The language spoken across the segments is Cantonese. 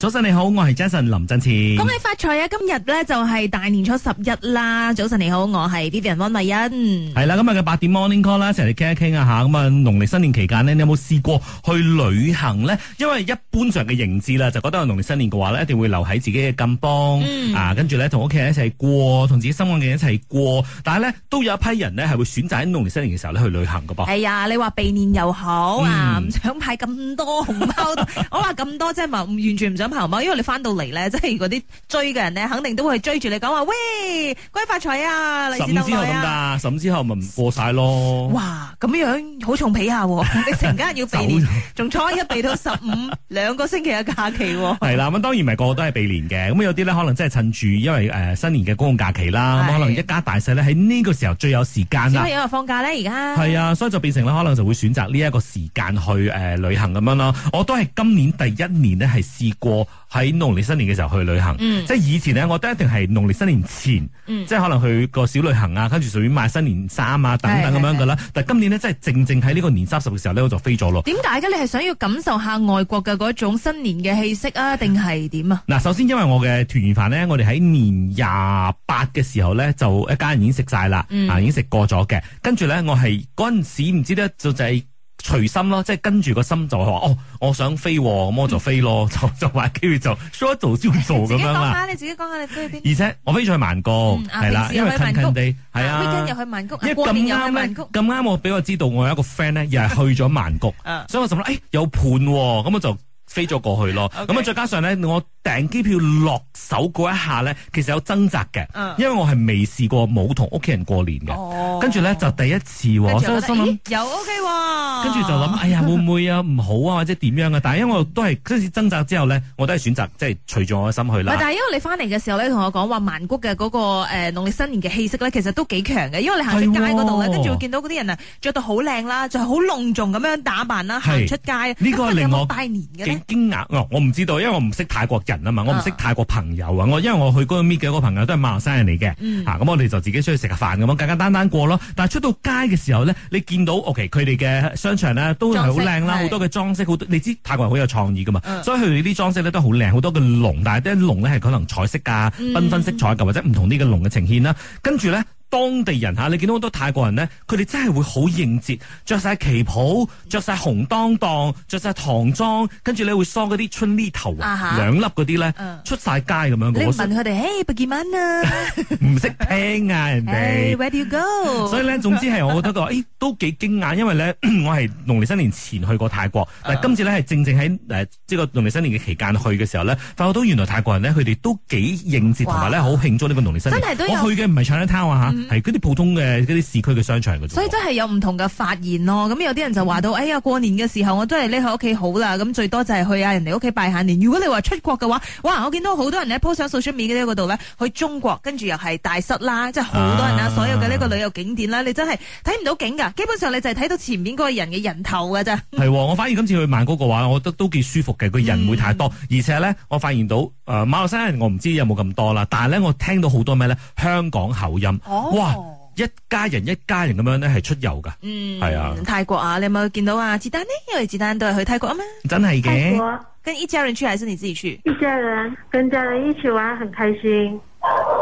早晨你好，我係 Jason 林振前。恭喜發財啊！今日咧就係、是、大年初十一啦。早晨你好，我係 Vivian 溫麗欣。係啦，今日嘅八點 Morning Call 啦，成日傾一傾啊吓。咁啊，農曆新年期間呢，你有冇試過去旅行咧？因為一般上嘅認知啦，就覺得農曆新年嘅話咧，一定會留喺自己嘅近邦、嗯、啊，呢跟住咧同屋企人一齊過，同自己心愛嘅人一齊過。但係咧都有一批人咧係會選擇喺農曆新年嘅時候呢去旅行嘅噃。係、哎、啊，你話避年又好、嗯、啊，唔想派咁多紅包。 我話咁多即係、就是、完全唔想。因為你翻到嚟咧，即係嗰啲追嘅人咧，肯定都會追住你講話，喂，恭喜發財啊！十五之後點噶？十五之後咪唔過晒咯。哇，咁樣好重皮下， 你成家人要避年，仲 初一避到十五，兩個星期嘅假期。係 啦，咁當然唔係個個都係避年嘅，咁有啲咧可能真係趁住，因為誒新年嘅公共假期啦，咁可能一家大細咧喺呢個時候最有時間啦。因為放假咧而家係啊，所以就變成咧可能就會選擇呢一個時間去誒、呃、旅行咁樣咯。我都係今年第一年呢，係試過。喺農曆新年嘅時候去旅行，嗯、即係以前呢，我都一定係農曆新年前，嗯、即係可能去個小旅行啊，跟住順便買新年衫啊等等咁樣噶啦。但係今年呢，真係正正喺呢個年三十嘅時候呢，我就飛咗咯。點解嘅？你係想要感受下外國嘅嗰種新年嘅氣息啊？定係點啊？嗱，首先因為我嘅團圓飯呢，我哋喺年廿八嘅時候呢，就一家人已經食晒啦，啊、嗯，已經食過咗嘅。跟住呢，我係嗰陣時唔知得。就就係、是。隨心咯，即係跟住個心就話哦，我想飛，咁我就飛咯， 就會就買機票就 show 一做咁樣，你自己講下，下，下，你飛去邊？而且我飛咗去曼谷係啦、嗯啊啊，因為近近地係啊，一咁啱咧，咁啱、啊啊、我俾我知道我有一個 friend 咧，又係去咗曼谷， 所以我就諗，哎有伴喎、啊，咁我就飛咗過去咯。咁 啊、okay。再加上咧，我訂機票落。手嗰一下咧，其實有掙扎嘅、嗯，因為我係未試過冇同屋企人過年嘅，跟住咧就第一次喎，所以心諗又 OK 跟、啊、住就諗，哎呀會唔會啊唔好啊或者點樣啊？嗯、但係因為我都係嗰陣時掙扎之後咧，我都係選擇即係隨住我嘅心去啦。但係因為你翻嚟嘅時候咧，同我講話曼谷嘅嗰、那個誒、呃、農曆新年嘅氣息咧，其實都幾強嘅，因為你行出街嗰度咧，跟住、哦、會見到嗰啲人啊着到好靚啦，就係好隆重咁樣打扮啦，行出街。這個、年呢個令我幾驚訝啊！我唔知道，因為我唔識泰國人啊嘛，我唔識、嗯、識泰國朋友。有啊，我因為我去嗰個 meet 嘅個朋友都係馬來西亞人嚟嘅，咁、嗯啊、我哋就自己出去食飯咁樣簡簡單單過咯。但係出到街嘅時候咧，你見到，OK，佢哋嘅商場咧都係好靚啦，好多嘅裝飾，好你知泰國人好有創意噶嘛、嗯，所以佢哋啲裝飾咧都好靚，好多嘅龍，但係啲龍咧係可能彩色啊、繽紛色彩，或者唔同啲嘅龍嘅呈現啦、嗯，跟住咧。當地人吓，你見到好多泰國人咧，佢哋真係會好應節，着晒旗袍，着晒紅當當，當，着晒唐裝，跟住咧會梳嗰啲春呢頭、uh-huh. 兩粒嗰啲咧，uh-huh. 出晒街咁樣。你問佢哋 hey, bagaimana 啊，唔 識、hey, how are 聽啊，人、hey, 哋 Where do you go？ 所以咧，總之係我覺得個，誒、哎，都幾驚訝，因為咧， 我係農曆新年前去過泰國，uh-huh. 但今次咧係正正喺誒，即個農曆新年嘅期間去嘅時候咧，uh-huh. 發覺到原來泰國人咧，佢哋都幾應節，同埋咧好慶祝呢個農曆新年。我去嘅唔係長灘啊吓。係嗰啲普通嘅嗰啲市區嘅商場，所以真係有唔同嘅發現咯。咁有啲人就話到、嗯，哎呀過年嘅時候，我都係匿喺屋企好啦。咁最多就係去下人哋屋企拜下年。如果你話出國嘅話，哇！我見到好多人咧 po 相出面嗰啲度咧，去中國跟住又係大塞啦，即係好多人啦、啊啊，所有嘅呢個旅遊景點啦，你真係睇唔到景噶。基本上你就係睇到前面嗰個人嘅人頭㗎咋。係、嗯，我反而今次去曼谷嘅話，我覺得都幾舒服嘅，佢人唔會太多、嗯，而且呢，我發現到。誒、呃、馬來西亞人我唔知有冇咁多啦，但係咧我聽到好多咩咧香港口音、哦，哇！一家人一家人咁樣咧係出遊噶，係、嗯、啊，泰國啊，你有冇見到啊子丹呢？因為子丹都係去泰國啊嘛，真係嘅，跟一家人去，還是你自己去？一家人跟家人一起玩，很開心。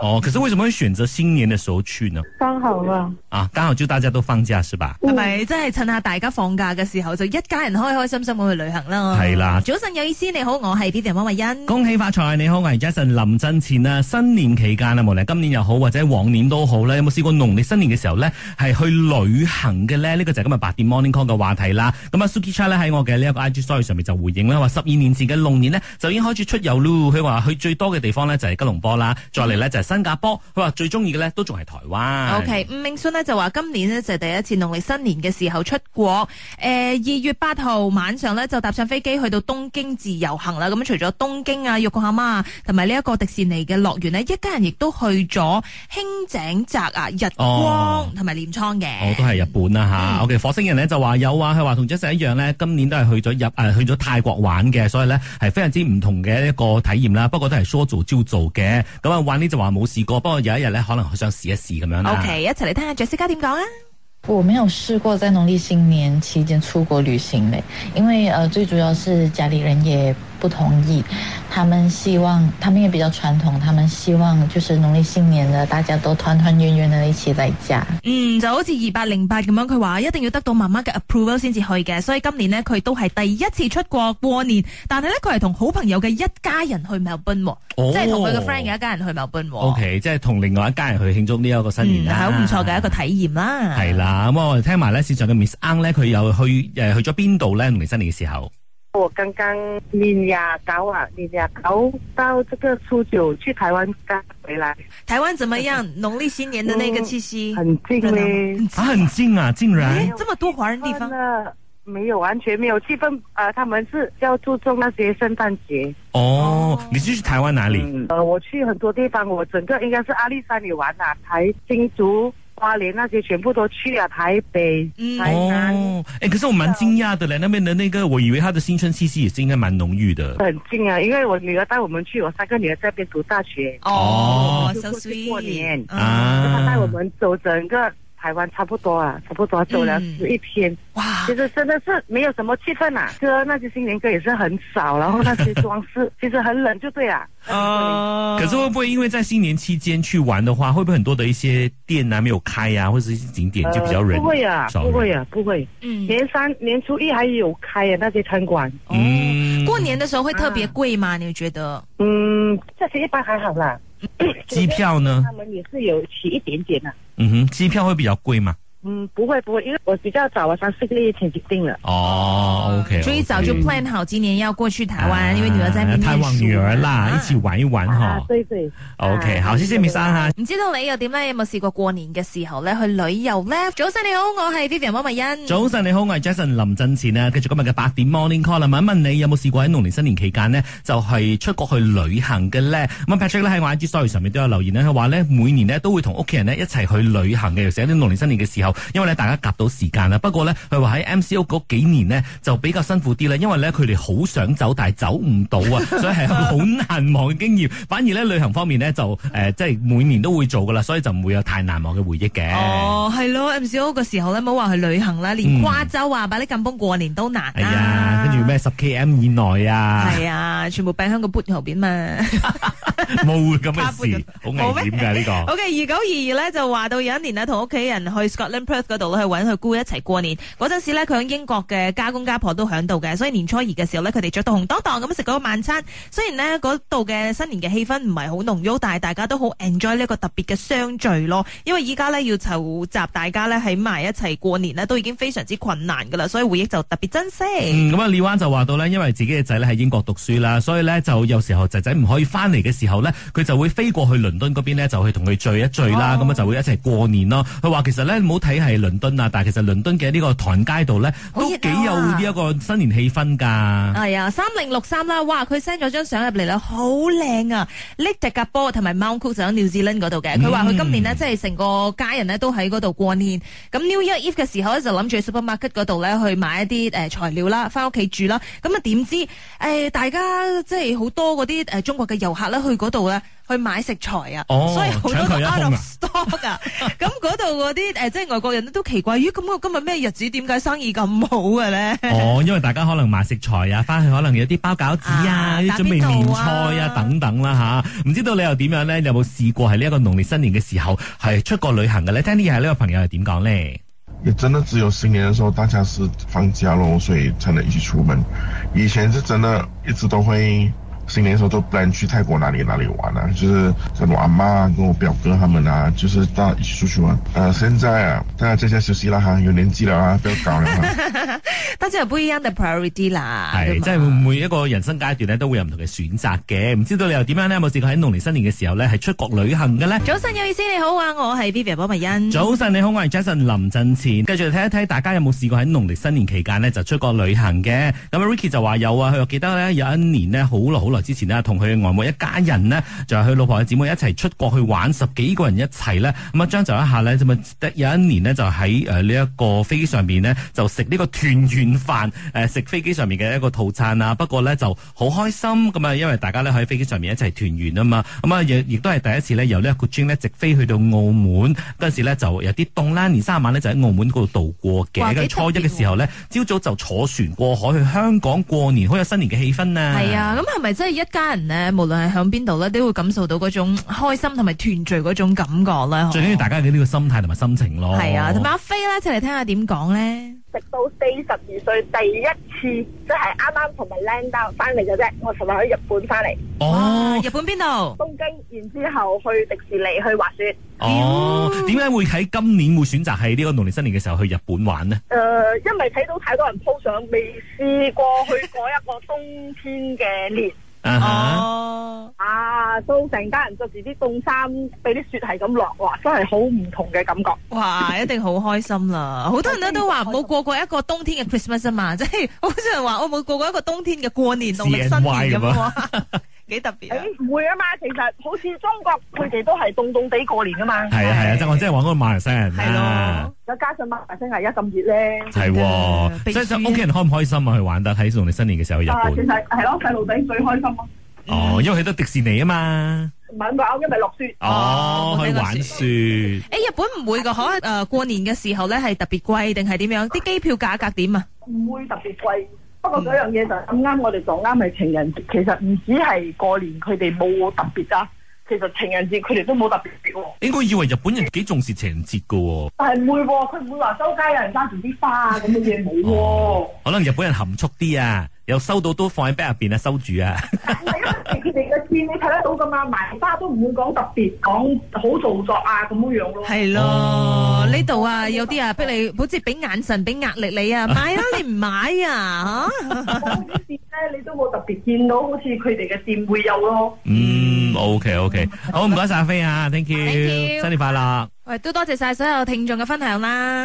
哦，其實為什麼會選擇新年的時候去呢？剛好啦，啊，剛好就大家都放假，是吧？咪、嗯、真係趁下大家放假嘅時候，就一家人開開心心會去旅行啦。係啦，早晨有意思，你好，我係 BTV 汪慧欣。恭喜發財，你好，我係 Jason 林振前啦。新年期間啊，無論今年又好或者往年都好咧，有冇試過農曆新年嘅時候咧係去旅行嘅咧？呢、這個就係今日《八點 Morning Call》嘅話題啦。咁啊，Suki Chat 呢，喺我嘅呢一個 IG Story 上面就回應啦。話十二年前嘅龍年呢，就已經開始出遊嚕。佢話去最多嘅地方呢，就係、是、吉隆坡啦。再嚟呢就係新加坡，佢話最中意嘅呢都仲係台灣。O K，吳明信呢就話今年呢就係第一次農曆新年嘅時候出國。誒、呃，二月八號晚上呢就搭上飛機去到東京自由行啦。咁除咗東京啊、玉皇媽啊，同埋呢一個迪士尼嘅樂園呢，一家人亦都去咗輕井澤啊、日光同埋鐮倉嘅。我、哦哦、都係日本啦、啊、吓。嗯、o、okay, K，火星人呢就話有啊，佢話同主席一樣呢，今年都係去咗日誒去咗泰國玩嘅，所以呢係非常之唔同嘅一個體驗啦。不過都係說做就做嘅。咁、嗯、啊。呢就話冇試過，不過有一日咧，可能好想試一試咁樣。OK，一齊嚟聽下 Jessica 點講啊！我沒有試過在農曆新年期間出國旅行咧，因為、呃、最主要是家裏人也。不同意，他們希望，他們也比較傳統，他們希望就是農曆新年咧，大家都團團圓圓地一起在家。嗯，就好似二百零八咁樣，佢話一定要得到媽媽嘅 approval 先至去嘅，所以今年呢，佢都係第一次出國過年，但係呢，佢係同好朋友嘅一家人去 Melbourne，即係同佢嘅 friend 嘅一家人去 Melbourne。Okay，即係同另外一家人去慶祝呢一個新年啦、啊，係好唔錯嘅一個體驗啦、啊。係啦，咁我哋聽埋呢市場嘅 Miss Ang 咧，佢又去誒去咗邊度呢？農曆新年嘅時候。我剛剛年廿九啊，年廿九到這個初九去台灣剛回來。台灣怎麼樣？農曆新年的那個氣息、嗯、很近啊很近啊，竟然這麼多華人地方，沒有完全沒有氣氛，有氣氛呃，他們是要注重那些聖誕節。哦，哦你就是去台灣哪裏、嗯？呃，我去很多地方，我整個應該是阿里山裏玩啊，台金竹。花蓮那些全部都去了台北、嗯、台南。哎、哦欸，可是我蠻驚訝的嘞，那邊的那個，我以為它的新春氣息也是應該蠻濃郁的。很近啊，因為我女兒帶我們去，我三個女兒在那邊讀大學，哦，就過去過年，哦 so sweet, 嗯、她帶我們走整個。台灣差不多啊，差不多走了十一天、嗯。哇，其實真的是沒有什麼氣氛啊，就那些新年歌也是很少，然後那些裝飾 其實很冷，就對了。啊，可、呃、是會不會因為在新年期間去玩的話，會不會很多的一些店啊沒有開呀、啊，或者一些景點就比較人、呃？不會啊不會啊不會。嗯，年三年初一還有開啊，那些餐館。嗯，過年的時候會特別貴嗎、啊？你覺得？嗯，這些一般還好啦。機票呢？他們也是有起一點點的、啊。嗯哼，機票會比較貴嘛？嗯，不會不會，因為我比較早，我三四個月前就訂了。哦、oh，OK，所以早就 plan 好今年要過去台灣，啊、因為女兒在邊，探望女兒啦，一起玩一玩嗬。O K，好，謝謝 Miss 山哈。唔、okay，知道你又點咧？有冇試過過年嘅時候咧去旅遊咧？早晨你好，我係 Vivian 歐文茵。早晨你好，我係 Jason 林振前啊。繼續今日嘅八點 Morning Call 啦，問一問你有冇試過喺農曆新年期間呢就係、是、出國去旅行嘅咧？咁、嗯、Patrick 咧喺我 Instagram 上面都有留言咧，佢話咧每年咧都會同屋企人咧一齊去旅行嘅，尤其是喺農曆新年嘅時候。因為咧大家夾到時間啦，不過咧佢話喺 MCO 嗰幾年咧就比較辛苦啲啦，因為咧佢哋好想走但係走唔到啊，所以係好難忘嘅經驗。 反而咧旅行方面咧就誒、呃、即係每年都會做噶啦，所以就唔會有太難忘嘅回憶嘅。哦，係咯，MCO 個時候咧冇話去旅行啦，連瓜州啊，嗯、把啲咁崩過年都難。係啊，跟住咩十 km 以內啊？係啊，全部擺喺個 boot 後邊啊 冇咁嘅事，好危險噶呢個。OK，二九二二咧就話到有一年呢，同屋企人去 Scotland Perth 嗰度去搵佢姑一齊過年。嗰陣時呢，佢喺英國嘅家公家婆都響度嘅，所以年初二嘅時候呢，佢哋着到紅當當咁食嗰個晚餐。雖然呢嗰度嘅新年嘅氣氛唔係好濃郁，但係大家都好 enjoy 呢一個特別嘅相聚咯。因為依家呢，要籌集大家呢喺埋一齊過年呢，都已經非常之困難噶啦，所以回憶就特別珍惜。嗯，咁啊李灣就話到呢，因為自己嘅仔呢喺英國讀書啦，所以呢就有時候仔仔唔可以翻嚟嘅時候。然後咧，佢就會飛過去倫敦嗰邊咧，就去同佢聚一聚啦。咁、哦、啊，就會一齊過年咯。佢話其實咧，唔好睇係倫敦，倫敦啊，但係其實倫敦嘅呢個唐街度咧，都幾有呢一個新年氣氛㗎。係、哎、啊，三零六三啦，哇！佢 send 咗張相入嚟啦，好靚啊！Tekapo 同埋 Mount Cook 就喺 New Zealand 嗰度嘅。佢話佢今年呢，即係成個家人咧都喺嗰度過年。咁 New Year Eve 嘅時候咧，就諗住去 supermarket 嗰度咧去買一啲誒、呃、材料啦，翻屋企住啦。咁啊點知誒、呃、大家即係好多嗰啲誒中國嘅遊客咧去。嗰度咧去買食材啊，哦、所以好多 out of stock 啊。咁嗰度嗰啲誒，即 係、呃就是，外國人都奇怪，咦？咁我今日咩日子？點解生意咁好嘅咧？哦，因為大家可能買食材啊，翻去可能有啲包餃子啊，啲、啊、準備麵菜啊，啊等等啦、啊、吓。唔知道你又點樣咧？你有冇試過喺呢一個農曆新年嘅時候係出國旅行嘅咧？聽啲嘢，係呢個朋友係點講咧？你真的只有新年嘅時候，大家是放假咯，所以才能一起出門。以前就真的一直都會。新年的時候都不 l 去泰國哪裏哪裏玩啦、啊，就是跟我阿媽跟我表哥他們啊，就是到一起出去玩。呃，現在啊，大家這些休息啦吓，有年紀啦，都教大家有不一樣的 priority 啦，係、嗯、即係每一個人生階段咧，都會有唔同嘅選擇嘅。唔知道你又點樣咧？有冇試過喺農曆新年嘅時候咧，係出國旅行嘅咧？早晨，有意思你好啊，我係 Vivian 寶文欣。早晨你好，我係 Jason 林振前。繼續睇一睇大家有冇試過喺農曆新年期間咧就出國旅行嘅？咁啊，Ricky 就話有啊，佢又記得咧有一年咧好耐好耐。之前呢，同佢外母一家人呢，就係、是、佢老婆嘅姊妹一齊出國去玩，十幾個人一齊呢，咁啊將就一下呢，咁有一年呢，就喺誒呢一個飛機上面呢，就食呢個團圓飯，誒、呃、食飛機上面嘅一個套餐啊。不過呢，就好開心，咁、嗯、啊，因為大家呢，喺飛機上面一齊團圓啊嘛。咁、嗯、啊，亦、嗯、都係第一次呢，由個呢個個專直飛去到澳門，嗰陣時呢就有啲凍啦，年三十晚呢就喺澳門嗰度度過嘅。初一嘅時候呢，朝早就坐船過海去香港過年，好有新年嘅氣氛啊！係啊，咁係咪真？即係一家人咧，無論係響邊度咧，都會感受到嗰種開心同埋團聚嗰種感覺啦。最緊要大家嘅呢個心態同埋心情咯。係啊，同埋阿飛咧，一齊嚟聽下點講咧。直到四十二歲第一次，即係啱啱同埋靚仔翻嚟嘅啫。我尋日喺日本翻嚟。哦，日本邊度？東京，然之後去迪士尼去滑雪。哦，點解會喺今年會選擇喺呢個農曆新年嘅時候去日本玩呢？誒、呃，因為睇到太多人 po 相未試過去過一個冬天嘅年。 哦、uh-huh. uh-huh.，啊，都成家人着住啲冬衫，俾啲雪係咁落，哇，真係好唔同嘅感覺，哇，一定好開心啦！好 多人都都話冇過過一個冬天嘅 Christmas 啊嘛，即係好多人話我冇過過一個冬天嘅過年農曆新年咁啊。 幾特別？誒，唔會啊嘛，其實好似中國佢哋都係凍凍地過年噶嘛。係啊係啊，即係我即係玩嗰個馬來西亞人啦。再加上馬來西亞而家咁熱咧，係，即係屋企人開唔開心啊？去玩得喺同你新年嘅時候去日本，其實係咯細路仔最開心咯。哦，因為去得迪士尼啊嘛。唔係唔係，因為落雪哦，去玩雪。誒，日本唔會噶嗬？誒，過年嘅時候咧係特別貴定係點樣？啲機票價格點啊？唔會特別貴。不過嗰樣嘢就咁啱，我哋講啱係情人節，其實唔止係過年，佢哋冇特別啊。其實情人節佢哋都冇特別。應該以為日本人幾重視情人節噶喎、哦？但係唔會，佢唔會話周街有人揸住啲花咁嘅嘢，冇。可能日本人含蓄啲啊，有收到都放喺包入邊啊，收住啊。 你嘅店你睇得到噶嘛？賣花都唔會講特別講好做作啊咁樣，樣係咯。係、哦、咯，呢度啊、嗯、有啲啊逼你好似俾眼神俾 壓力你啊買啊？你唔買啊嚇？好、啊、 店咧，你都冇特別見到，好似佢哋嘅店會有咯。嗯，OK OK，嗯好唔該晒阿飛啊，Thank you，新年快樂。喂，都多謝晒所有聽眾嘅分享啦。